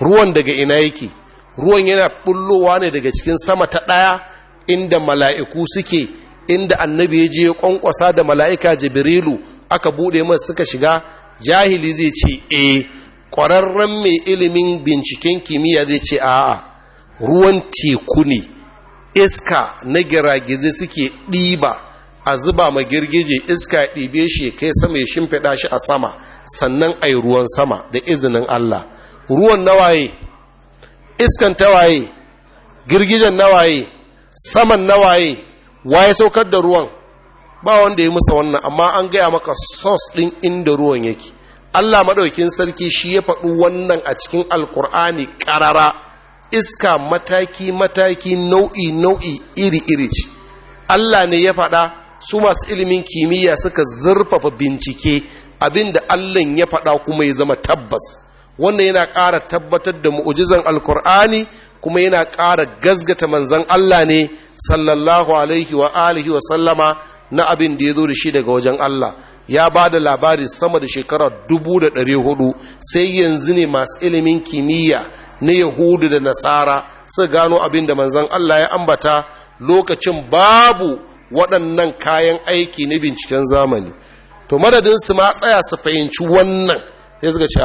A: ruwan daga ina yake ruwan yana ɓullowa ne daga cikin sama ta ɗaya inda mala'iku suke inda annabi ya je ya ƙwanƙwasa da mala'ika jibrilu aka buɗe masu suka shiga jahili zai ce e ƙwararren mai ilimin binciken kimiyya zai ce a'a ruwan teku ne iska na giragizi suke ɗiba a zuba ma girgije iska ya ɗibe shi kai sama ya shimfiɗa shi a sama sannan a ruwan sama da izinin Allah ruwan nawaye iskan tawaye girgijen nawaye saman nawaye waye saukar da ruwan ba wanda ya musa wannan amma an gaya maka sos ɗin inda ruwan yake Allah maɗaukin sarki shi ya faɗi wannan a cikin alkur'ani ƙarara iska mataki-mataki nau'i-nau'i iri-iri ce Allah ne ya faɗa su masu ilimin kimiyya suka zurfafa bincike abinda Allah ya faɗa kuma ya zama tabbas wannan yana ƙara tabbatar da mu'ujizan alkur'ani kuma yana ƙara gazgata manzan Allah ne sallallahu alaihi wa alihi wa sallama na abin da ya zo da shi daga wajen Allah ya ba da labari sama da shekara dubu da ɗari hudu sai yanzu ne masu ilimin kimiyya na yahudu da nasara su gano abin da manzan allah ya ambata lokacin babu waɗannan kayan aiki na binciken zamani to madadin su ma tsaya su fahimci wannan sai suka ce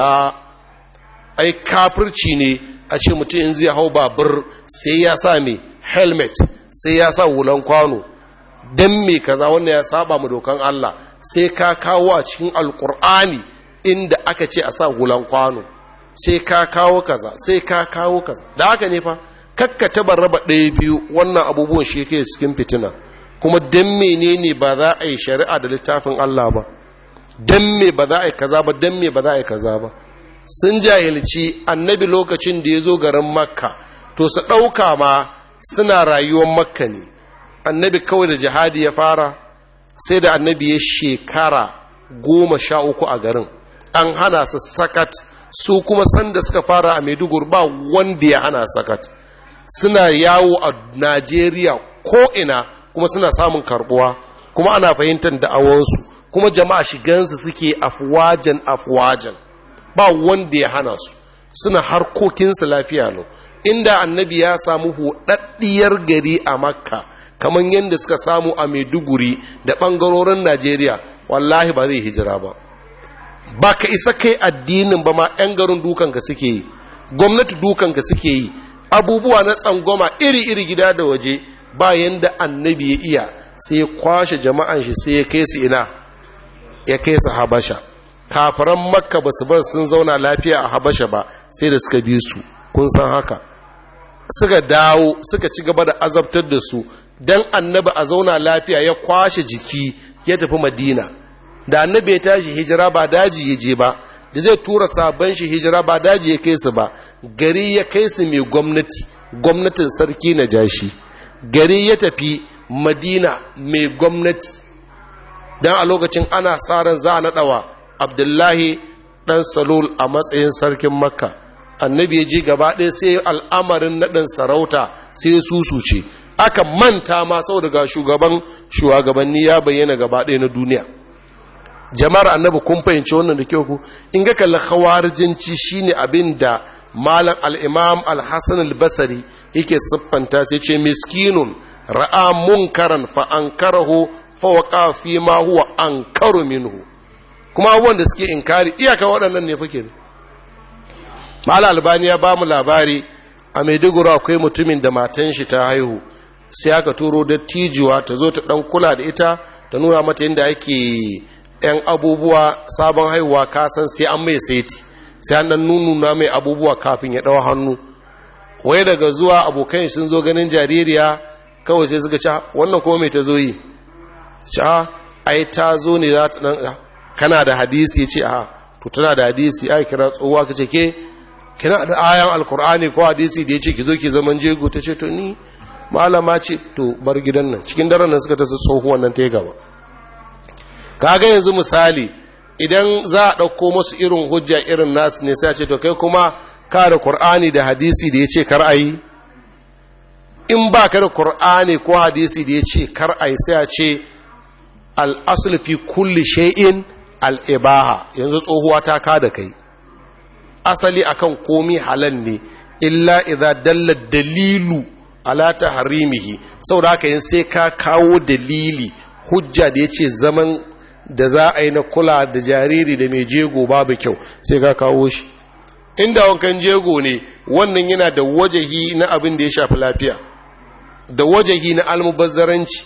A: ai kafirci ne a ce mutum in zai hau babur sai ya sa mai helmet sai ya sa wulan kwano don me kaza wannan ya saba mu dokan Allah sai ka kawo a cikin alkur'ani inda aka ce a sa hulan kwano sai ka kawo kaza sai ka kawo kaza da haka ne fa kakka taba raba ɗaya biyu wannan abubuwan shi ke cikin fitina kuma dan menene ba za a yi shari'a da littafin Allah ba dan me ba za a yi kaza ba dan me ba za a yi kaza ba sun jahilci annabi lokacin da ya zo garin makka to su ɗauka ma suna rayuwar makka ne annabi kawai da jihadi ya fara sai da annabi ya shekara goma sha uku a garin an hana su sakat su kuma sanda suka fara a maiduguri ba wanda ya hana sakat suna yawo a najeriya ko'ina kuma suna samun karbuwa kuma ana fahimtar da'awansu kuma jama'a shigansu suke afuwajen afuwajen ba wanda ya hana su suna harkokinsu lafiya inda annabi ya samu hudaddiyar gari a makka kamar yadda suka samu a maiduguri da ɓangarorin najeriya wallahi ba zai hijira ba ba ka isa kai addinin ba ma 'yan garin dukanka suke yi gwamnati dukanka suke yi abubuwa na tsangoma iri-iri gida da waje ba yadda annabi ya iya sai ya kwashe jama'an shi sai ya kai su ina ya kai su habasha kafaran makka ba su bar sun zauna lafiya a habasha ba sai da suka bi su kun san haka suka dawo suka ci gaba da azabtar da su don annabi a zauna lafiya ya kwashe jiki ya tafi madina da annabi ya tashi hijira ba daji ya je ba da zai tura sabon shi hijira ba daji ya kai su ba gari ya kai su mai gwamnati gwamnatin sarki na jashi gari ya tafi madina mai gwamnati don a lokacin ana tsarin za a naɗawa abdullahi ɗan salul a matsayin sarkin makka annabi ya ji gaba ɗaya sai al'amarin naɗin sarauta sai su ce aka manta ma saboda daga shugaban shugabanni ya bayyana gaba ɗaya na duniya jama'ar annabi kun fahimci wannan da kyau ku in ga kalli khawarijinci shine abin da malam al-imam al-hasan al-basri yake siffanta sai ce miskinun ra'a munkaran fa ankarahu fa waqa fi ma huwa ankaru minhu kuma abubuwan da suke inkari iyaka waɗannan ne fake malam albani ya ba mu labari a maiduguri akwai mutumin da matan shi ta haihu sai aka turo dattijuwa ta zo ta ɗan kula da ita ta nuna mata yadda ake 'yan abubuwa sabon haihuwa kasan sai an mai saiti sai an dan na mai abubuwa kafin ya ɗau hannu wai daga zuwa abokan sun zo ganin jaririya kawai sai suka ca ah, wannan kuma mai ta zo yi ca ah, ai ta zo ne za ta dan ah, kana da hadisi ce a to tana da hadisi ai kira tsohuwa ce ke kina da ayan alkur'ani ko hadisi da yace ki zo ki zaman jego ta ce to ni malama ce to bar gidan nan cikin daren nan suka tasa tsohuwan nan ta yi gaba kaga yanzu misali idan za a ɗauko masu irin hujja irin nasu ne sai ce to kai kuma ka da da hadisi da ya ce kar a yi in ba ka da Kur'ani ko hadisi da ya ce kar a yi sai a ce al'asulfi kulli shai'in al'ibaha yanzu tsohuwa ta ka da kai asali akan komi halal ne illa idan dalla dalilu ala sau da aka yin sai ka kawo dalili hujja da ya ce zaman da za a yi na kula da jariri da mai jego babu kyau sai ka kawo shi inda wankan jego ne wannan yana da wajahi na abin da ya shafi lafiya da wajahi na almubazzaranci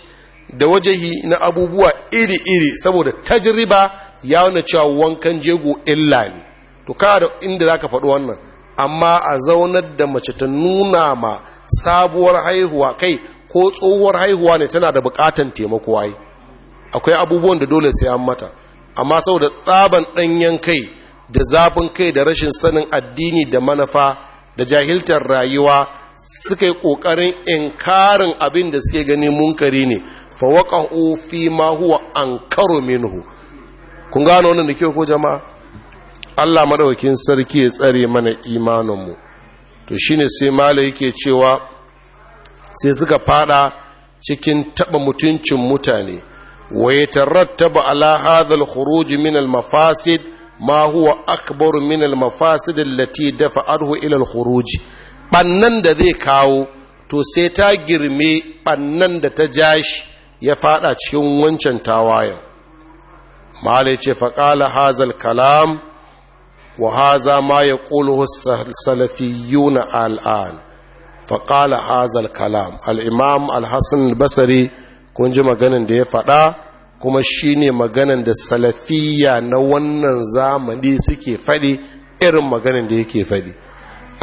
A: da wajahi na abubuwa iri-iri saboda tajiriba ya wani cewa wankan jego illa ne to kada da inda za ka faɗi wannan amma a zaunar da mace ta nuna ma sabuwar haihuwa kai ko tsohuwar haihuwa ne tana da bukatan taimako yi. akwai abubuwan da dole sai an mata amma saboda tsaban ɗanyen kai da zafin kai da rashin sanin addini da manufa da jahiltar rayuwa suka yi ƙoƙarin inkarin abin da suke gani munkari ne fawaqa'u fi ma huwa karo minuhu kun gano wani da ke ko jama'a Allah madaukakin sarki ya tsare mana imaninmu. mu to shine sai mala yake cewa sai suka fada cikin taɓa mutuncin mutane wa ta ala hadha al-khuruj min al-mafasid ma huwa akbar min al-mafasid allati dafa'ahu ila al-khuruj bannan da zai kawo to sai ta girmi bannan da ta jashi ya fada cikin wancan tawayan malai ce faqala hadha al-kalam wa hadha ma yaquluhu as-salafiyuna al'an فقال هذا الكلام الإمام الحسن البصري kun ji maganin da ya faɗa kuma shine maganin da salafiya na wannan zamani suke faɗi irin maganin da yake faɗi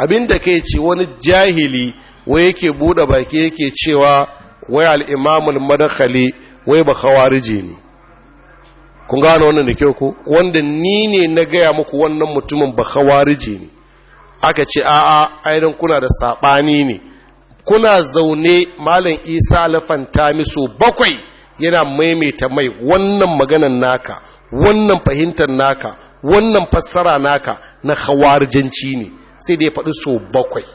A: abin da kai ce wani jahili wai yake buɗe baki yake cewa wai al'imamul madakali wai ba kawarije ne kun gane wannan da kyau ko wanda ni ne na gaya muku wannan mutumin ba kawarije ne aka ce a'a ainihin kuna da saɓani ne kuna zaune malam isa alfanta miso bakwai yana maimaita mai wannan maganan naka wannan fahimtar naka wannan fassara naka na hawarjanci ne sai da faɗi so bakwai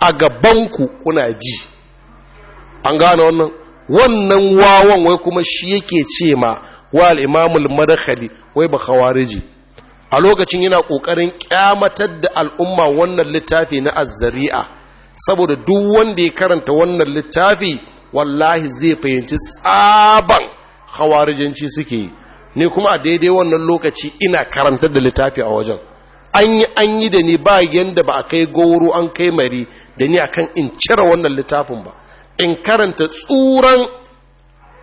A: a gabanku kuna ji an gane wannan wannan wawan wai kuma shi yake ce ma wa al'imamul madakhali wai ba hawariji a lokacin yana ƙoƙarin ƙyamatar da al'umma wannan littafi na azzari'a saboda duk wanda ya karanta wannan littafi wallahi zai fahimci tsaban hawarijanci suke yi ne kuma a daidai wannan lokaci ina karantar da littafi a wajen an yi an yi da ni ba yanda ba a kai goro an kai mari da ni akan in cire wannan littafin ba in karanta tsuran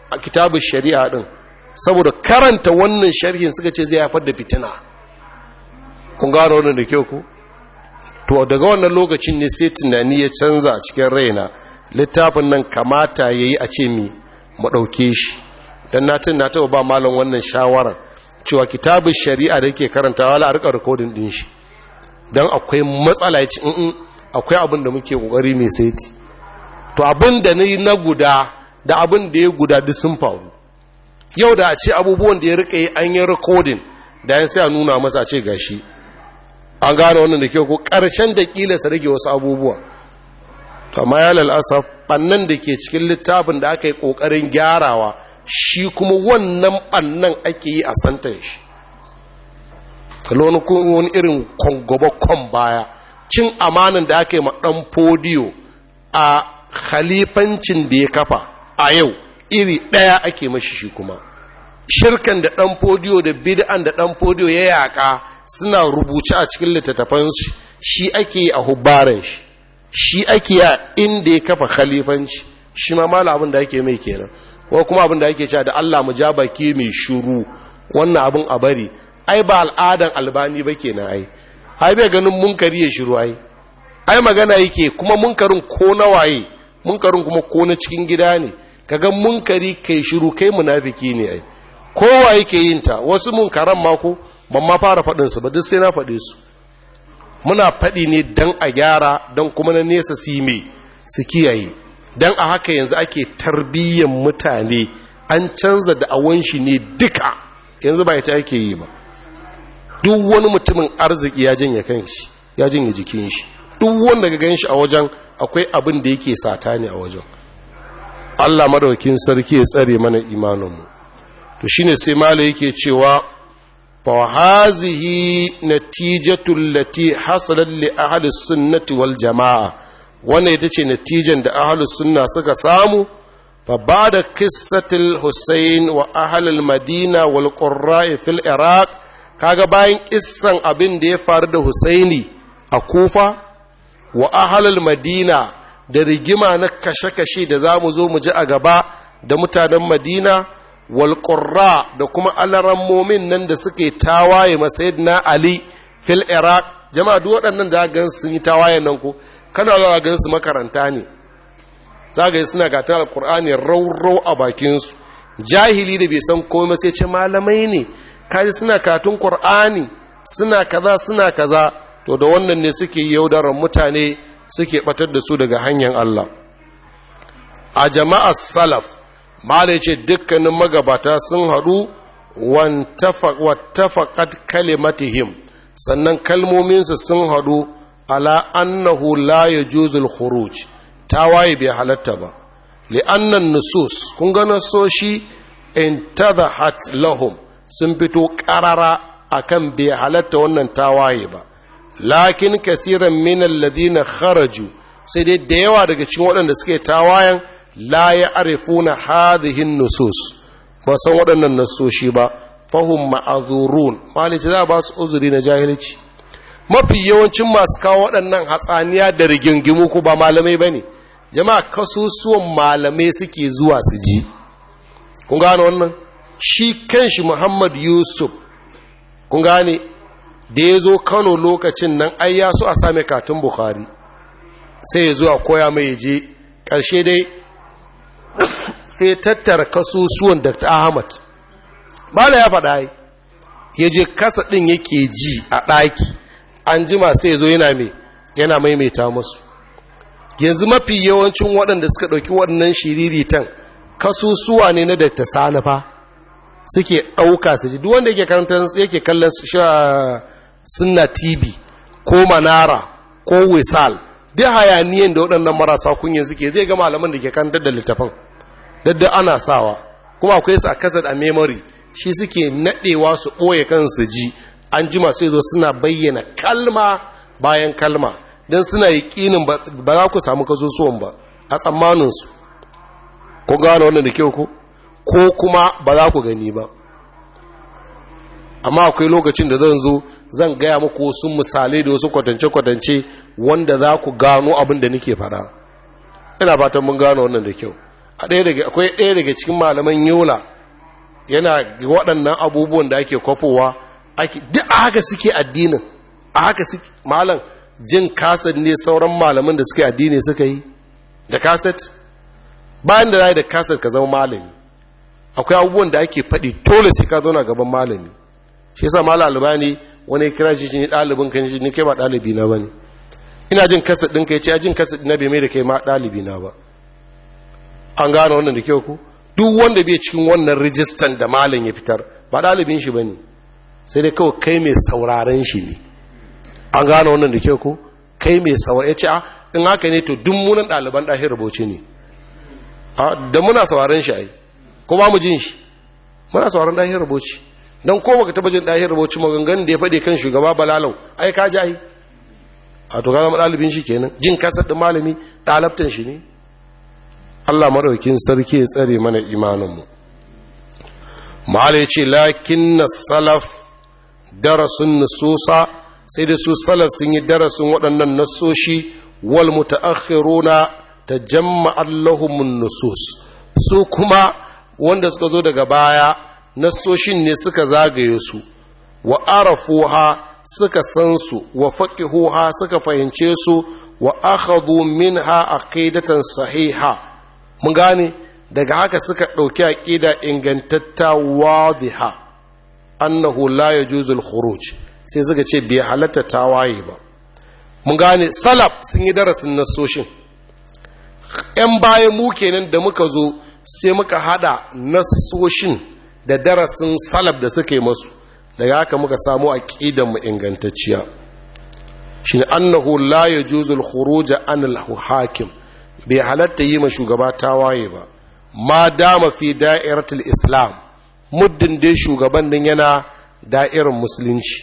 A: a kitabun shari'a din saboda karanta wannan sharhin suka ce zai haifar da fitina kun gano wannan da kyau ku to daga wannan lokacin ne sai tunani ya canza a cikin raina littafin nan kamata ya yi a ce mi mu shi don na tun na taɓa ba malon wannan shawarar cewa kitabin shari'a da ke karanta wala a rikodin ɗin shi don akwai matsala ya ci akwai abin da muke ƙoƙari mai saiti to abin da na yi na guda da abin da ya guda duk sun faru yau da a ce abubuwan da ya rika yi an yi rikodin da yan sai a nuna masa a ce gashi an gane wannan da kyau ko ƙarshen da ƙila su rage wasu abubuwa kama ya lalasaf ɓannan da ke cikin littafin da aka yi ƙoƙarin gyarawa shi kuma wannan ɓannan ake yi a santan shi wani irin kwangobakon baya cin amanin da aka yi maɗan fodiyo a khalifancin da ya kafa a yau iri ɗaya ake mashi shi kuma shirkan da ɗan fodiyo da bid'an da ɗan fodiyo ya yaka suna rubuce a cikin littattafan shi ake yi a hubbaran shi shi ake a inda ya kafa khalifanci shi ma mala abin da ake mai kenan ko kuma abin da ake cewa da Allah mu ja baki mai shuru wannan abin a bari ai ba al'adan albani ba kenan ai ai bai ganin munkari ya shiru ai ai magana yake kuma munkarin ko na waye munkarin kuma ko na cikin gida ne kaga munkari kai shiru kai munafiki ne ai kowa yake yin ta wasu mun karan mako ban fara faɗin su ba duk sai na faɗe su muna faɗi ne dan a gyara dan kuma na nesa su me su kiyaye dan a haka yanzu ake tarbiyyar mutane an canza da awon shi ne duka yanzu ba ita ake yi ba duk wani mutumin arziki ya janye kanshi ya janye jikin shi duk wanda ga ganshi a wajen akwai abin da yake sata ne a wajen Allah madaukin sarki ya tsare mana imanin mu to shine sai mala yake cewa fa hazihi natijatul lati hasalat li ahli sunnati wal jamaa wannan ita ce natijan da ahli sunna suka samu fa ba'da qissatul husayn wa ahli al madina wal qurra'i fil iraq kaga bayan kissan abin da ya faru da husaini a kufa wa ahli al madina da rigima na kashe-kashe da za mu zo mu ji a gaba da mutanen madina walƙurra da kuma alarammomin nan da suke tawaye masayid na ali fil iraq jama'a duk waɗannan da gan sun yi tawaye nan ko kana zuwa gan su makaranta ne za ga suna gatan alƙur'ani rauru a bakinsu jahili da bai san komai sai ce malamai ne kaji suna katun ƙur'ani suna kaza suna kaza to da wannan ne suke yaudarar mutane suke batar da su daga hanyar allah a jama'ar salaf malai ce dukkanin magabata sun haɗu wattafaƙat kalimatihim sannan kalmominsu sun haɗu ala annahu la ya juzul khuruj tawaye bai halatta ba li'annan nusus kun ga nasoshi intadhat lahum sun fito ƙarara kan bai halatta wannan tawaye ba lakin kasiran minan ladina kharaju sai dai da yawa daga cikin waɗanda suke tawayen. la ya arifuna hadihin nusus ba san waɗannan nasoshi ba fahim ma'azurun malice za ba su uzuri na jahilci mafi yawancin masu kawo waɗannan hatsaniya da rigingimu ko ba malamai ba ne jama'a kasusuwan malamai suke zuwa su ji kun gane wannan shi kanshi muhammad yusuf kun gane da ya zo kano lokacin nan ayyasu a same katin bukhari sai ya zuwa koya mai je ƙarshe dai sai tattara kasusuwan dr ahmad bala ya faɗa yi ya je kasa ɗin yake ji a ɗaki an jima sai zo yana mai yana maimaita masu yanzu mafi yawancin waɗanda suka ɗauki waɗannan shiriritan kasusuwa ne na dr sanafa suke ɗauka su ji duk wanda yake karanta yake kallon suna tv ko manara ko wesal duk hayaniyan da waɗannan marasa kunya suke zai ga malaman da ke kantar da littafin dadda ana sawa kuma akwai su a kasar a memory shi suke naɗewa su ɓoye kansu ji an jima sai zo suna bayyana kalma bayan kalma don suna yi ƙinin ba za ku samu suwan ba a tsammaninsu ku gano wannan da kyau ku ko kuma ba za ku gani ba amma akwai lokacin da zan zo zan gaya muku wasu misalai da wasu kwatance-kwatance wanda za ku gano abin da nake fada ina fatan mun gano wannan da kyau akwai ɗaya daga cikin malaman yola yana waɗannan abubuwan da ake kwafowa duk a haka suke addinin a haka suke malam jin kasar ne sauran malaman da suke addini suka yi da kaset bayan da zai da kaset ka zama malami akwai abubuwan da ake faɗi dole sai ka zauna gaban malami shi yasa malam albani wani kira shi shi ɗalibin kan shi ne kai ba ɗalibi na ne ina jin kaset ɗinka kai ce a jin kaset na bai mai da kai ma ɗalibi na ba an gane wannan da kyau ku duk wanda bai cikin wannan rijistan da malin ya fitar ba ɗalibin shi ba ne sai dai kawai kai mai sauraren shi ne an gane wannan da kyau ku kai mai sauraren ya ce a ah, in haka ne to duk munan ɗaliban ɗahin rubuce ne ah, da muna sauraren shi ai ko ba mu jin shi muna sauraren ɗahin rubuce don ko baka taba jin ɗahin rubuce maganganun da ya faɗe kan shugaba balalau ai ka ji ai a ah, to ka zama ɗalibin shi kenan jin kasar da malami ɗalabtan shi ne Allah maraukin sarki ya tsare mana imaninmu mu ce lakin na salaf darasun nususa sai da su salaf sun yi darasin waɗannan nasoshi wal mutaakhiruna tajamma allahumun nusus su kuma wanda suka zo daga baya nasoshin ne suka zagaye su wa arafuha suka san su wa faqihuha suka fahimce su wa akhadhu minha aqidatan sahiha mun gane daga haka suka ɗauki aƙida ingantatta wadiha annahu la yajuzul khuruj sai suka ce bai halatta tawaye ba mun gane salaf sun yi darasin nasoshin yan baya mu kenan da muka zo sai muka hada nasoshin da darasin salaf da suka yi masu daga haka muka samu aqidan mu ingantacciya shin annahu la yajuzul khuruj an al hakim bai halatta yi ma shugaba ta waye ba ma dama fi da'iratul islam muddin dai shugaban din yana da'irar musulunci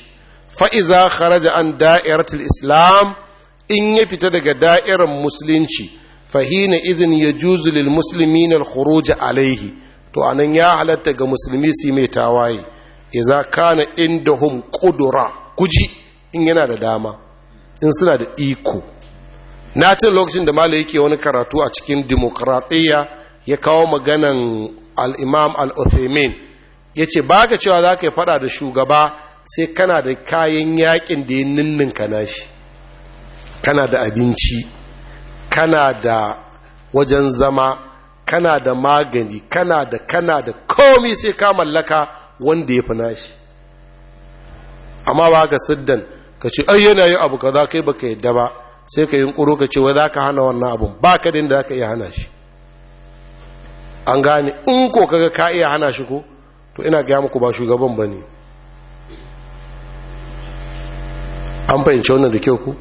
A: fa'iza kharaja an da'iratul islam in ya fita daga da'irar musulunci fahina izin ya lil muslimin al khuruj alaihi to anan ya halatta ga musulmi su mai tawaye idza kana indahum qudura kuji in yana da dama in suna da iko na ce lokacin da malai yake wani karatu a cikin demokratiya ya kawo maganan al'imam al'uthemin ya ce ba ka cewa za ka yi fada da shugaba sai kana da kayan yakin da ya ninninka nashi kana da abinci kana da wajen zama kana da magani kana da kana da komi sai ka mallaka wanda ya fi nashi amma ba ka siddan ka ce ai yana yi abu kaza kai baka yadda ba sai ka yunkuru ka ce wai za ka hana wannan abun ba ka din da za ka iya hana shi an gane in ko kaga ka iya hana shi ko to ina gaya muku ba shugaban ba ne an fahimci wannan da kyau ku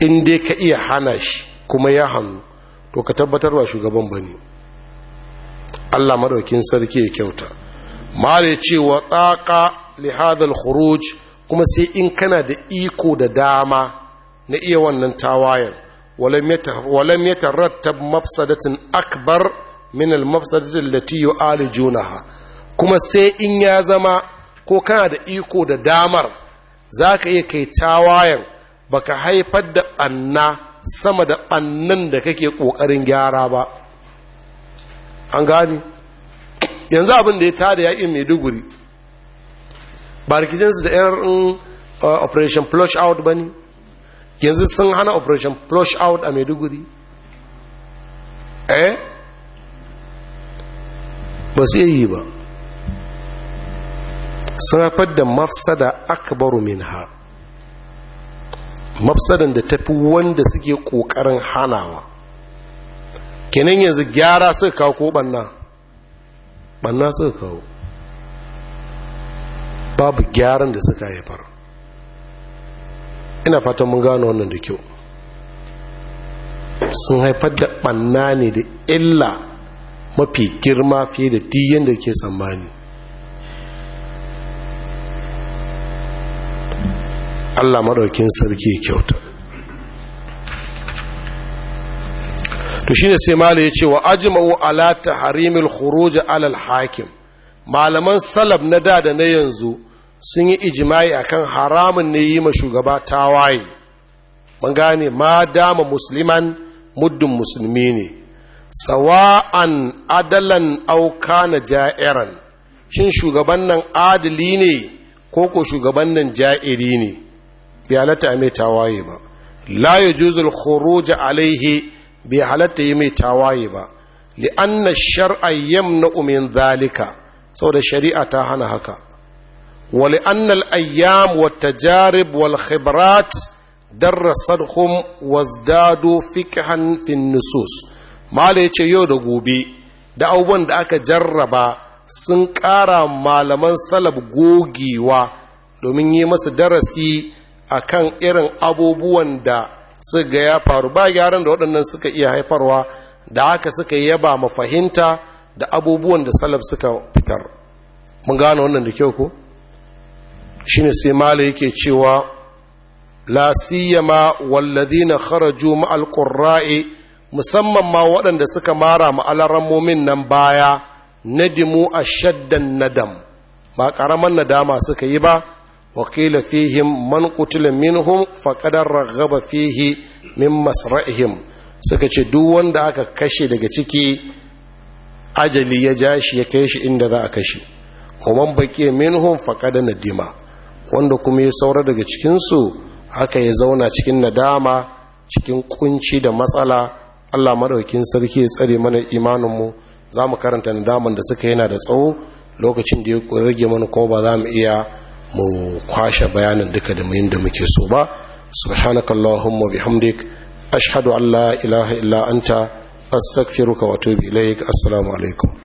A: in dai ka iya hana shi kuma ya hannu to ka tabbatar ba shugaban ba ne allah maɗaukin sarki ya kyauta mare cewa tsaka lihadar khuruj kuma sai in kana da iko da dama na iya wannan tawayen walam ya tarattab mafsadatin akbar min al-mafsadatin lati yu'alijunaha kuma sai in ya zama ko kana da iko da damar zaka iya kai tawayen baka haifar da anna sama da annan da kake kokarin gyara ba an gani yanzu abin da ya tada yaƙin maiduguri ba rikicinsu da 'yan uh, operation flush out ba ne yanzu sun hana operation flush out a maiduguri eh ba su yi ba sun haifar da mafsada akbaru minha mafsadan da tafi wanda suke kokarin hanawa kenan yanzu gyara suka kawo ko banna banna suka kawo babu gyaran da suka haifar ina fatan mun gano wannan da kyau sun haifar da ɓanna ne da illa mafi girma fiye da diyan da ke tsammani allah maɗaukin sarki kyauta to shi ne sai mala ya ce wa ajimawo ala tahrimil harimil alal alal hakim malaman salaf na da da na yanzu sun yi ijimai akan haramun ne yi ma shugaba tawaye mun gane ma dama musliman muddin musulmi ne sawa'an adalan auka na ja'iran shin shugaban nan adali ne ko ko shugaban nan ja'iri ne bai halatta mai tawaye ba la yajuzul khuruj alaihi bai halatta yi mai tawaye ba li'anna shar'a yamna min zalika saboda shari'a ta hana haka ولأن الأيام والتجارب والخبرات درستهم وازدادوا فقها في النصوص ما ليش يودو gobe da abubuwan da aka jarraba sun ƙara malaman salaf gogewa domin yi masu darasi a kan irin abubuwan da suka ya faru ba gyaran da waɗannan suka iya haifarwa da haka suka yaba mafahimta da abubuwan da salab suka fitar mun gane wannan da kyau ko? Shin sai mala yake cewa la siyama walladhina kharaju ma alƙurra'i musamman ma waɗanda suka mara ma'alaran mumin nan baya nadimu ashaddan nadam ba ƙaraman nadama suka yi ba وقيل fihim man قتل minhum فقد رغب fihi, min masra'ihim suka ce duk wanda aka kashe daga ciki ajali ya ja shi ya kai shi inda za a kashe ومن بقي منهم فقد nadima. wanda kuma ya saura daga cikinsu haka ya zauna cikin nadama cikin kunci da matsala allah maɗaukin sarki ya tsare mana imaninmu za mu karanta nadaman da suka yana da tsawo lokacin da ya rage mana ko ba za mu iya mu kwashe bayanin duka da muyin da muke so ba subhanaka allahumma bihamdik ashhadu an la ilaha illa anta astaghfiruka wa atubu ilaik alaikum